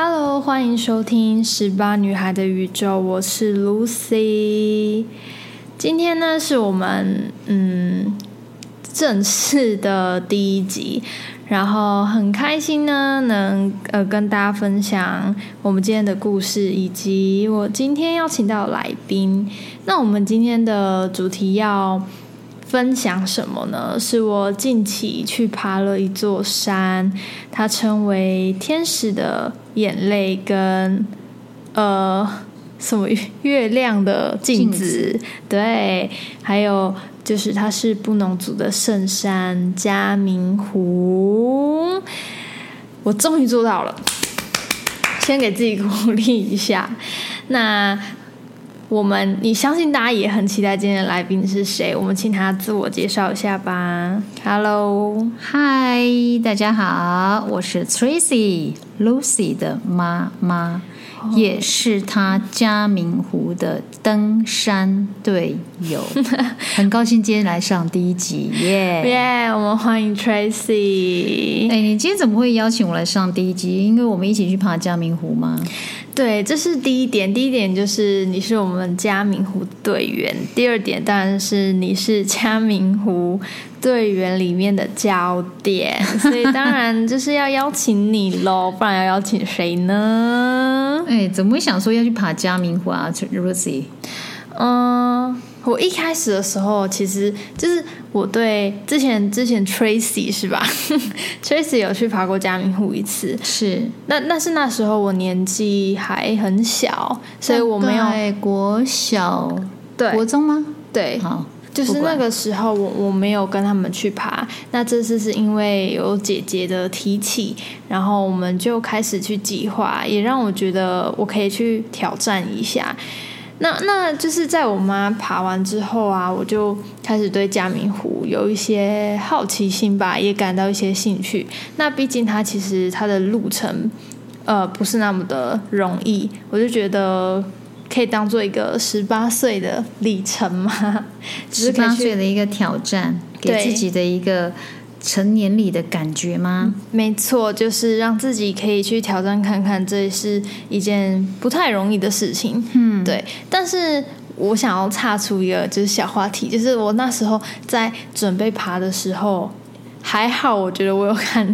Hello，歡迎收聽《十八女孩的宇宙》，我是 Lucy。今天呢，是我們嗯正式的第一集，然後很開心呢，能呃跟大家分享我們今天的故事，以及我今天邀請到的來賓。那我們今天的主題要分享什麼呢？是我近期去爬了一座山，它稱為“天使的眼淚”跟呃什麼月亮的鏡子，鏡子，對，還有就是它是布農族的聖山嘉明湖，我終於做到了， 先給自己鼓勵一下，那。我們，你相信大家也很期待今天的來賓是誰？我們請他自我介紹一下吧。Hello，嗨，大家好，我是 Tracy Lucy 的媽媽。也是他嘉明湖的登山隊友，很高興今天來上第一集耶！耶、yeah！Yeah, 我們歡迎 Tracy。哎，你今天怎麼會邀請我來上第一集？因為我們一起去爬嘉明湖嗎？對，這是第一點。第一點就是你是我們嘉明湖隊員。第二點當然是你是嘉明湖隊員裡面的焦點，所以當然就是要邀請你嘍。不然要邀請誰呢？誒怎麼會想說要去爬嘉明湖啊 Tracy？嗯，我一開始的時候，其實就是我對之前之前 Tracy 是吧 ？Tracy 有去爬過嘉明湖一次，是那那是那時候我年紀還很小，所以我沒有對國小對國中嗎？對，好。就是那個時候我，我管我沒有跟他們去爬。那這次是因為有姐姐的提起，然後我們就開始去計劃，也讓我覺得我可以去挑戰一下。那那就是在我媽爬完之後啊，我就開始對嘉明湖有一些好奇心吧，也感到一些興趣。那畢竟它其實它的路程呃不是那麼的容易，我就覺得。可以當做一個十八歲的里程嗎？十八歲的一個挑戰，給自己的一個成年禮的感覺嗎？嗯，沒錯，就是讓自己可以去挑戰看看，這是一件不太容易的事情。嗯，對。但是我想要岔出一個就是小話題，就是我那時候在準備爬的時候，還好，我覺得我有看。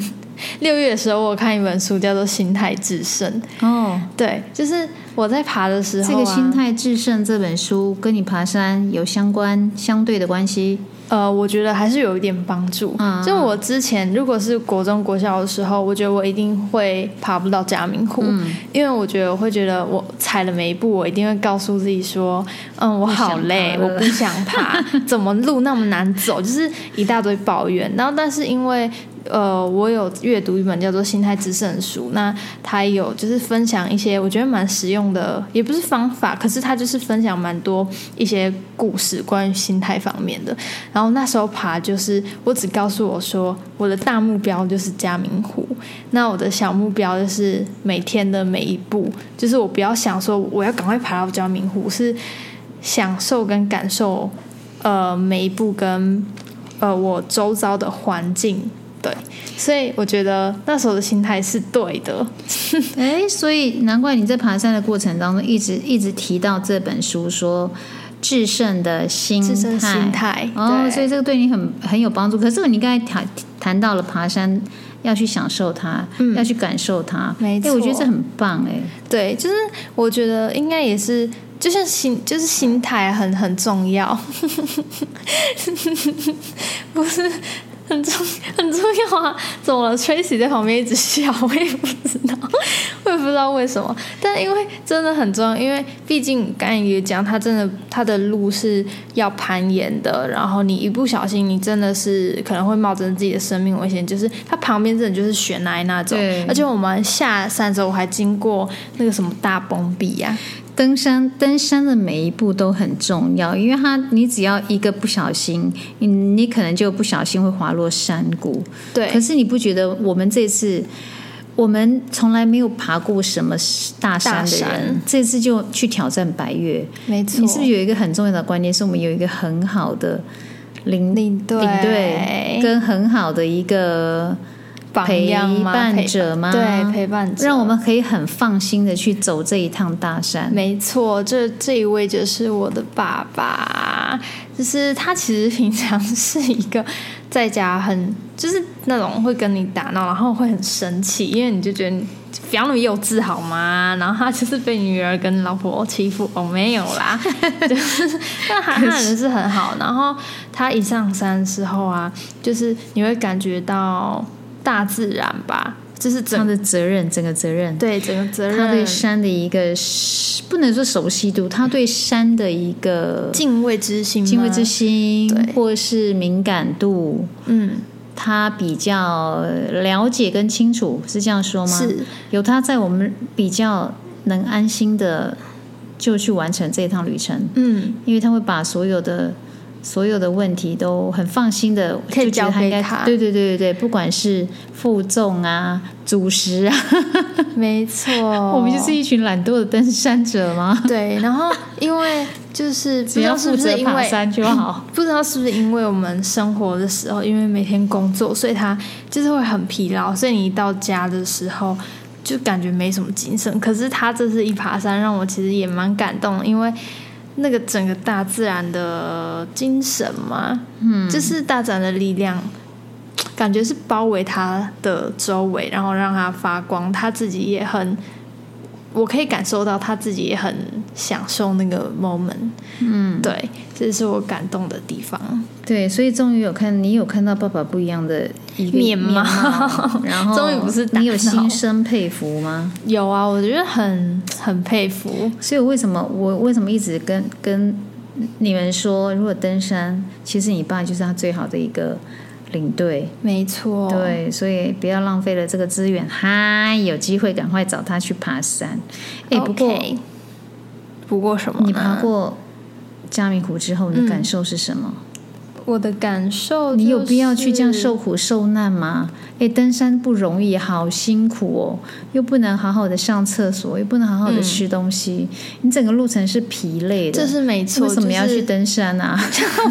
六月的時候，我看一本書，叫做《心態致勝》。哦，對，就是我在爬的時候，啊，這個《心態致勝》這本書跟你爬山有相關相對的關係。呃，我覺得還是有一點幫助。就、嗯、我之前如果是國中、國小的時候，我覺得我一定會爬不到嘉明湖，嗯、因為我覺得我會覺得我踩了每一步，我一定會告訴自己說：“嗯，我好累，我，我不想爬， 怎麼路那麼難走？”就是一大堆抱怨。然後，但是因為呃，我有閱讀一本叫做《心態致勝》書，那它有就是分享一些我覺得蠻實用的，也不是方法，可是它就是分享蠻多一些故事關於心態方面的。然後那時候爬，就是我只告訴我說，我的大目標就是嘉明湖，那我的小目標就是每天的每一步，就是我不要想說我要趕快爬到嘉明湖，是享受跟感受，呃，每一步跟呃我周遭的環境。對，所以我覺得那時候的心態是對的。哎、 欸，所以難怪你在爬山的過程當中，一直一直提到這本書說，說制勝的心，心態。哦，oh, 對所以這個對你很很有幫助。可是這個你剛才談談到了爬山要去享受它，嗯、要去感受它，沒錯、欸，我覺得這很棒、欸。哎，對，就是我覺得應該也是，就是心，就是心態很很重要， 不是。很重很重要啊！走了崔 r 在旁邊一直笑，我也不知道，我也不知道為什麼。但因為真的很重要，因為畢竟剛才也講，他真的他的路是要攀岩的，然後你一不小心，你真的是可能會冒着自己的生命危險。就是他旁邊真的就是懸崖那種，對而且我們下山的時候還經過那個什麼大崩壁呀、啊。登山，登山的每一步都很重要，因為它，你只要一個不小心，你你可能就不小心會滑落山谷。對。可是你不覺得我們這次，我們從來沒有爬過什麼大山的人，山這次就去挑戰百岳？沒錯。你是不是有一個很重要的觀念，是我們有一個很好的領領隊，領隊跟很好的一個。嗎陪伴者嗎？對，陪伴者讓我們可以很放心的去走這一趟大山。沒錯，這這一位就是我的爸爸。就是他其實平常是一個在家很就是那種會跟你打鬧，然後會很生氣，因為你就覺得你不要那麼幼稚好嗎？然後他就是被女兒跟老婆欺負哦，沒有啦， 就是， 是他人是很好。然後他一上山之後啊，就是你會感覺到。大自然吧，這、就是他的責任，整個責任。對，整個責任。他對山的一個不能說熟悉度，他對山的一個敬畏，敬畏之心，敬畏之心，或是敏感度。嗯，他比較了解跟清楚，是這樣說嗎？是。有他在，我們比較能安心的就去完成這一趟旅程。嗯，因為他會把所有的。所有的問題都很放心的就可以交給他對對對對對，不管是負重啊、主食啊，沒錯， 我們就是一群懶惰的登山者嘛。對，然後因為就是，不知道是，不是因為只要負責爬山就好，不知道是不是因為我們生活的時候，因為每天工作，所以他就是會很疲勞，所以你一到家的時候就感覺沒什麼精神。可是他這次一爬山，讓我其實也蠻感動，因為。那個整個大自然的精神嘛，嗯，就是大自然的力量，感覺是包圍他的周圍，然後讓他發光。他自己也很，我可以感受到他自己也很。享受那個 moment，嗯，對，這是我感動的地方。對，所以終於有看，你有看到爸爸不一樣的一面嗎？然後終於不是你有心生佩服嗎？有啊，我覺得很很佩服。所以我為什麼我為什麼一直跟跟你們說，如果登山，其實你爸就是他最好的一個領隊。沒錯，對，所以不要浪費了這個資源，還有機會趕快找他去爬山。哎，不過。不過什麼？你爬過嘉明湖之後，你的感受是什麼？嗯我的感受，就是，你有必要去這樣受苦受難嗎？誒，登山不容易，好辛苦哦，又不能好好的上廁所，也不能好好的吃東西，嗯、你整個路程是疲累的，這是沒錯。為什麼要去登山呢？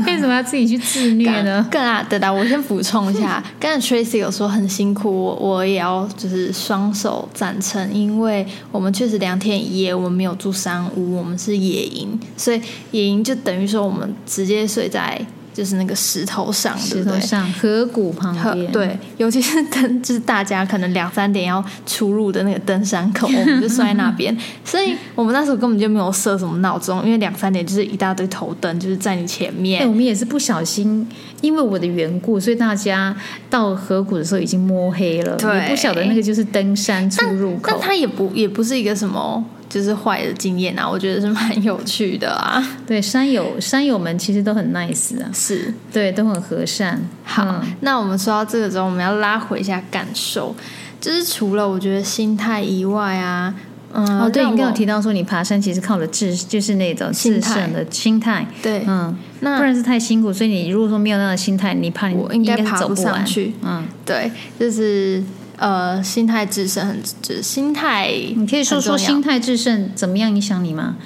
為什麼要自己去自虐呢？剛啊對等、啊，我先補充一下，剛才 Tracy 有說很辛苦，我我也要就是雙手贊成，因為我們確實兩天一夜，我們沒有住山屋，我們是野營，所以野營就等於說我們直接睡在。就是那個石頭上，石頭上對，對，河谷旁邊，對，尤其是登就是大家可能兩三點要出入的那個登山口， 我們就睡在那邊，所以我們那時候根本就沒有設什麼鬧鐘，因為兩三點就是一大堆頭燈就是在你前面對。我們也是不小心，因為我的緣故，所以大家到河谷的時候已經摸黑了，對我也不曉得那個就是登山出入口，但，但它也不也不是一個什麼。就是壞的經驗啊，我覺得是蠻有趣的啊。對，山友山友們其實都很 nice 啊，是，對，都很和善。好，那我們說到這個之後，我們要拉回一下感受，就是除了我覺得心態以外啊，嗯，哦，對，你剛有提到說你爬山其實靠的自，就是那種自身的心態，對，嗯，那不然是太辛苦，所以你如果說沒有那種心態，你怕你應該爬不上去，嗯，對，就是。呃，心態致勝，就心態很，你可以說說心態致勝怎麼樣影響你嗎？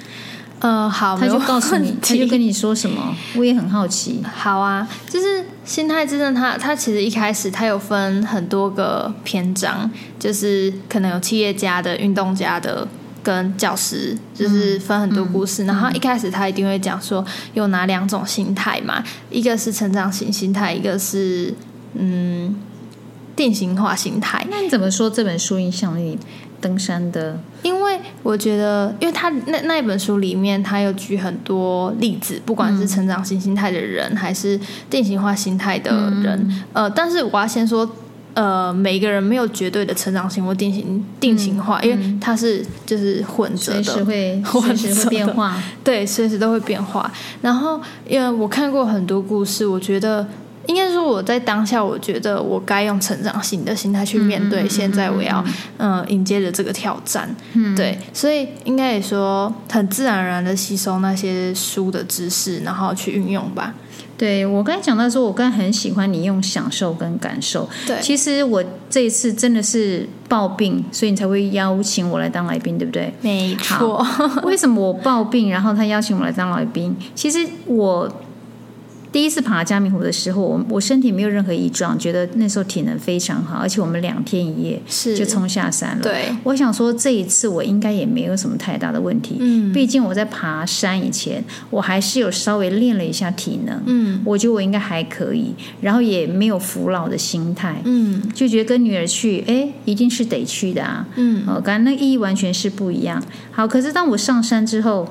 呃，好，他就告訴你， 他就跟你說什麼，我也很好奇。好啊，就是心態致勝，他他其實一開始他有分很多個篇章，就是可能有企業家的、運動家的跟教師，就是分很多故事。嗯、然後一開始他一定會講說有哪兩種心態嘛，一個是成長型心態，一個是嗯。定型化心態，那你怎麼說這本書影響你登山的？因為我覺得，因為他那那一本書裡面，他有舉很多例子，不管是成長型心態的人，還是定型化心態的人。嗯、呃，但是我要先說，呃，每一個人沒有絕對的成長型或定型定型化，嗯、因為他是就是混著的，隨時會隨時會變化，對，隨時都會變化。嗯、然後，因為我看過很多故事，我覺得。應該說，我在當下，我覺得我該用成長型的心態去面對現在，我要嗯,嗯,嗯,嗯,嗯,嗯，迎接著這個挑戰。嗯、對，所以應該也說，很自然而然的吸收那些書的知識，然後去運用吧。對我剛才講到說，我剛很喜歡你用享受跟感受。對，其實我這一次真的是抱病，所以你才會邀請我來當來賓，對不對？沒錯。為什麼我抱病，然後他邀請我來當來賓？其實我。第一次爬嘉明湖的時候，我我身體沒有任何異狀，覺得那時候體能非常好，而且我們兩天一夜就衝下山了。對，我想說這一次我應該也沒有什麼太大的問題。嗯，畢竟我在爬山以前，我還是有稍微練了一下體能。嗯，我覺得我應該還可以，然後也沒有服老的心態。嗯，就覺得跟女兒去，誒，一定是得去的啊。嗯，哦、呃，感覺那意義完全是不一樣。好，可是當我上山之後。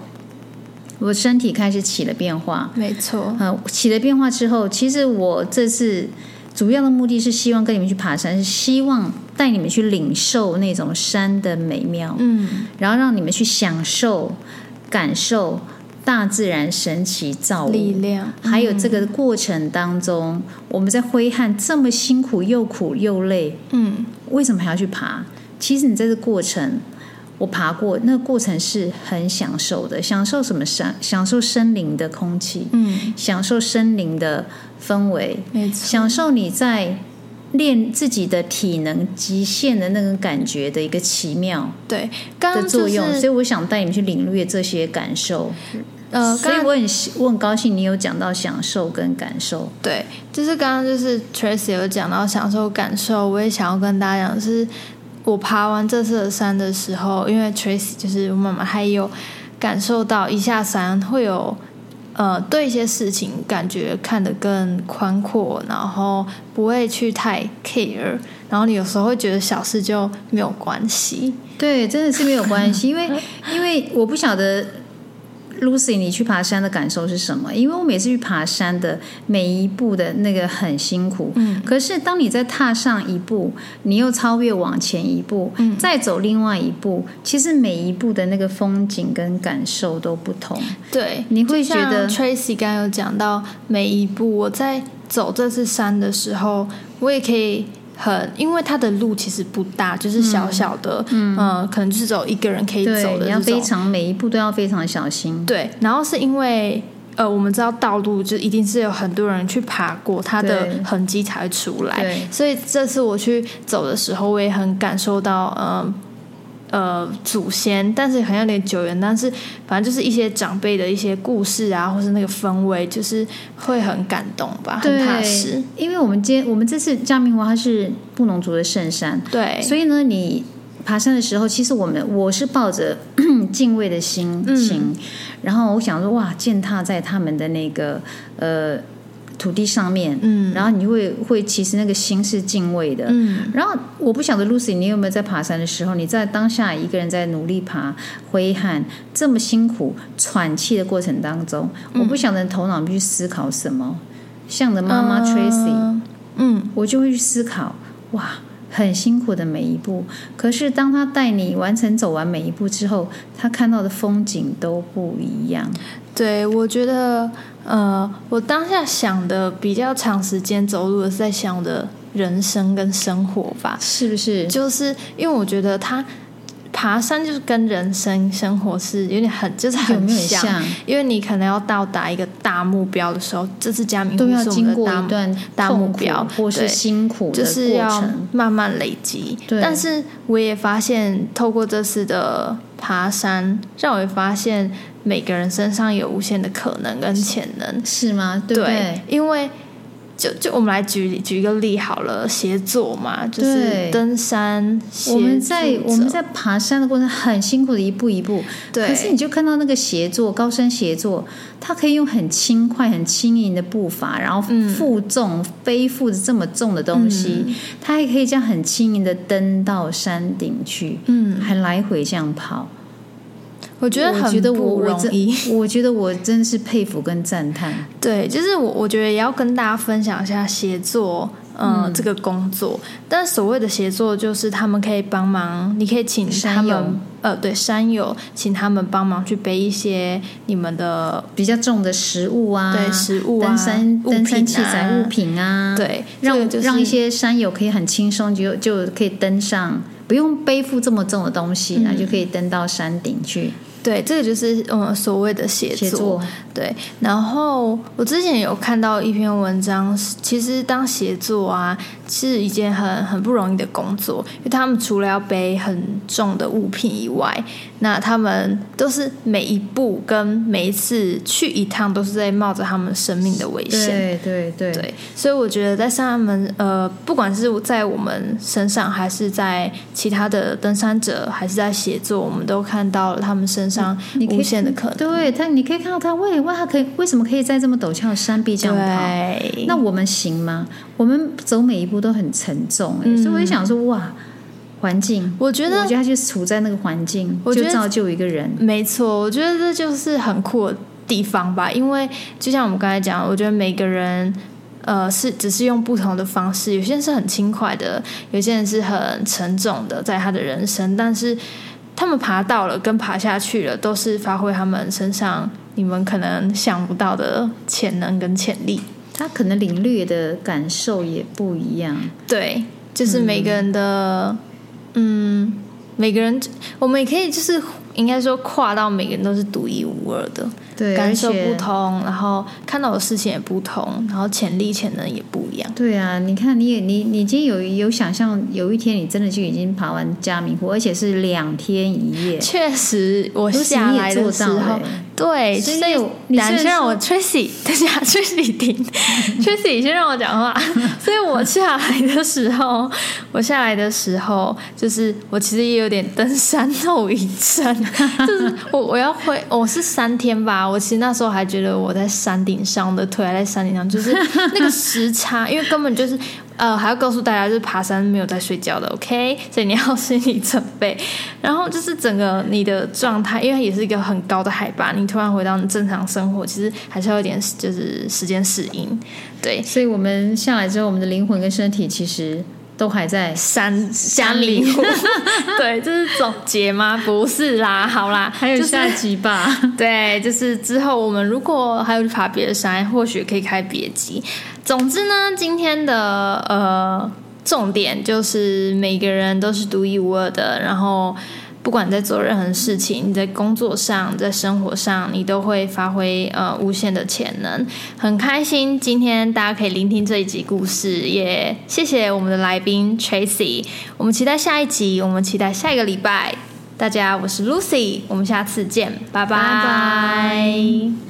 我身體開始起了變化，沒錯。呃，起了變化之後，其實我這次主要的目的，是希望跟你們去爬山，是希望帶你們去領受那種山的美妙，嗯，然後讓你們去享受、感受大自然神奇造物力量，嗯，還有這個過程當中，我們在揮汗這麼辛苦，又苦又累，嗯，為什麼還要去爬？其實你在這個過程。我爬過，那個過程是很享受的，享受什麼生，享受森林的空氣，嗯，享受森林的氛圍，沒錯錯，享受你在練自己的體能極限的那種感覺的一個奇妙，對，剛剛的作用，剛剛就是，所以我想帶你們去領略這些感受，呃，所以我很我很高興你有講到享受跟感受，對，就是剛剛就是 Tracy 有講到享受感受，我也想要跟大家講就是。我爬完這次的山的時候，因為 Tracy 就是我媽媽，還有感受到一下山會有，呃，對一些事情感覺看得更寬闊，然後不會去太 care，然後你有時候會覺得小事就沒有關係，對，真的是沒有關係， 因為因為我不曉得。Lucy，你去爬山的感受是什麼？因為我每次去爬山的每一步的那個很辛苦，嗯，可是當你再踏上一步，你又超越往前一步，嗯，再走另外一步，其實每一步的那個風景跟感受都不同，對，你會覺得 Tracy 剛有講到每一步，我在走這次山的時候，我也可以。很，因為它的路其實不大，就是小小的，嗯，嗯、呃，可能就是走一個人可以走的，要非常每一步都要非常小心。對，然後是因為呃，我們知道道路就一定是有很多人去爬過，它的痕跡才會出來，對，對，所以這次我去走的時候，我也很感受到，嗯、呃。呃，祖先，但是很有點久遠，但是反正就是一些長輩的一些故事啊，或是那個氛圍，就是會很感動吧，對很踏實。因為我們今天我們這次嘉明湖，它是布農族的聖山，對，所以呢，你爬山的時候，其實我們我是抱着 敬畏的心情，嗯、然後我想說，哇，踐踏在他們的那個呃。土地上面，嗯，然後你會會其實那個心是敬畏的，嗯，然後我不曉得 Lucy，你有沒有在爬山的時候，你在當下一個人在努力爬，揮汗這麼辛苦，喘氣的過程當中，嗯、我不曉得頭腦去思考什麼，像著媽媽 Tracy、呃、嗯，我就會去思考，哇。很辛苦的每一步，可是當他帶你完成走完每一步之後，他看到的風景都不一樣。對，我覺得，呃，我當下想的比較長時間走路的是在想我的人生跟生活吧，是不是？就是因為我覺得他。爬山就是跟人生生活是有點很就是很像，很像，因為你可能要到達一個大目標的時候，這次嘉明，都要經過一段大目標或是辛苦的過程，就是要慢慢累積。對但是我也發現，透過這次的爬山，讓我也發現每個人身上有無限的可能跟潛能，是嗎？對，對因為。就就我們來舉舉一個例好了，協作嘛，對就是登山。我們在我們在爬山的過程很辛苦的一步一步，對。可是你就看到那個協作，高山協作，他可以用很輕快、很輕盈的步伐，然後負重、嗯、背負着這麼重的東西，他、嗯、還可以這樣很輕盈的登到山頂去，嗯，還來回這樣跑。我覺得很不容易。我覺得我我。我覺得我真是佩服跟讚嘆。 對，就是我我覺得也要跟大家分享一下協作，呃、嗯，這個工作。但所謂的協作，就是他們可以幫忙，你可以請他們山友，呃，對，山友請他們幫忙去背一些你們的比較重的食物啊，對，食物啊，登山、啊、登山器材物品啊，對，這個就是、讓讓一些山友可以很輕鬆就就可以登上，不用背負這麼重的東西，那、嗯、就可以登到山頂去。對，這個就是嗯，所謂的協作。協作。對，然後我之前有看到一篇文章，其實當協作啊是一件很很不容易的工作，因為他們除了要背很重的物品以外，那他們都是每一步跟每一次去一趟，都是在冒着他們生命的危險。對對對，所以我覺得在他們呃，不管是在我們身上，還是在其他的登山者，還是在寫作，我們都看到了他們身上無限的可能。嗯、可對但你可以看到他，喂哇他可以為什麼可以在這麼陡峭的山壁這樣跑？對那我們行嗎？我們走每一步都很沉重，欸，嗯、所以我就想說，哇。環境，我覺得，我覺得他就是處在那個環境，就造就一個人。沒錯，我覺得這就是很酷的地方吧。因為就像我們剛才講，我覺得每個人，呃，是只是用不同的方式，有些人是很輕快的，有些人是很沉重的，在他的人生。但是他們爬到了跟爬下去了，都是發揮他們身上你們可能想不到的潛能跟潛力。他可能領略的感受也不一樣。對，就是每個人的。嗯嗯，每個人我們也可以就是應該說跨到每個人都是獨一無二的，對，感受不同，全然後看到的事情也不同，然後潛力潛能也不一樣。對啊，你看你也你，你已經有有想象有一天你真的就已經爬完嘉明湖，而且是兩天一夜，確實我下來的時候。對，所以，所以你先讓我 Tracy，等下 Tracy 聽，Tracy 先讓我講話。所以我下來的時候， 我下來的時候，就是我其實也有點登山後遺症， 就是我我要回，我、哦、是三天吧。我其實那時候還覺得我在山頂上的腿還在山頂上，就是那個時差， 因為根本就是。呃，還要告訴大家，就是爬山沒有在睡覺的，OK？所以你要心理準備。然後就是整個你的狀態，因為也是一個很高的海拔，你突然回到正常生活，其實還是要一點就是時間適應。對，所以我們下來之後，我們的靈魂跟身體其實都還在山山裡。 對，這、就是總結嗎？不是啦，好啦，就是、還有下集吧。對，就是之後我們如果還有去爬別的山，或許可以開別集。總之呢，今天的呃重點就是每個人都是獨一無二的，然後不管你在做任何事情，你在工作上，在生活上，你都會發揮呃無限的潛能。很開心今天大家可以聆聽這一集故事，也謝謝我們的來賓 Tracy。我們期待下一集，我們期待下一個禮拜。大家，我是 Lucy，我們下次見，拜拜。Bye bye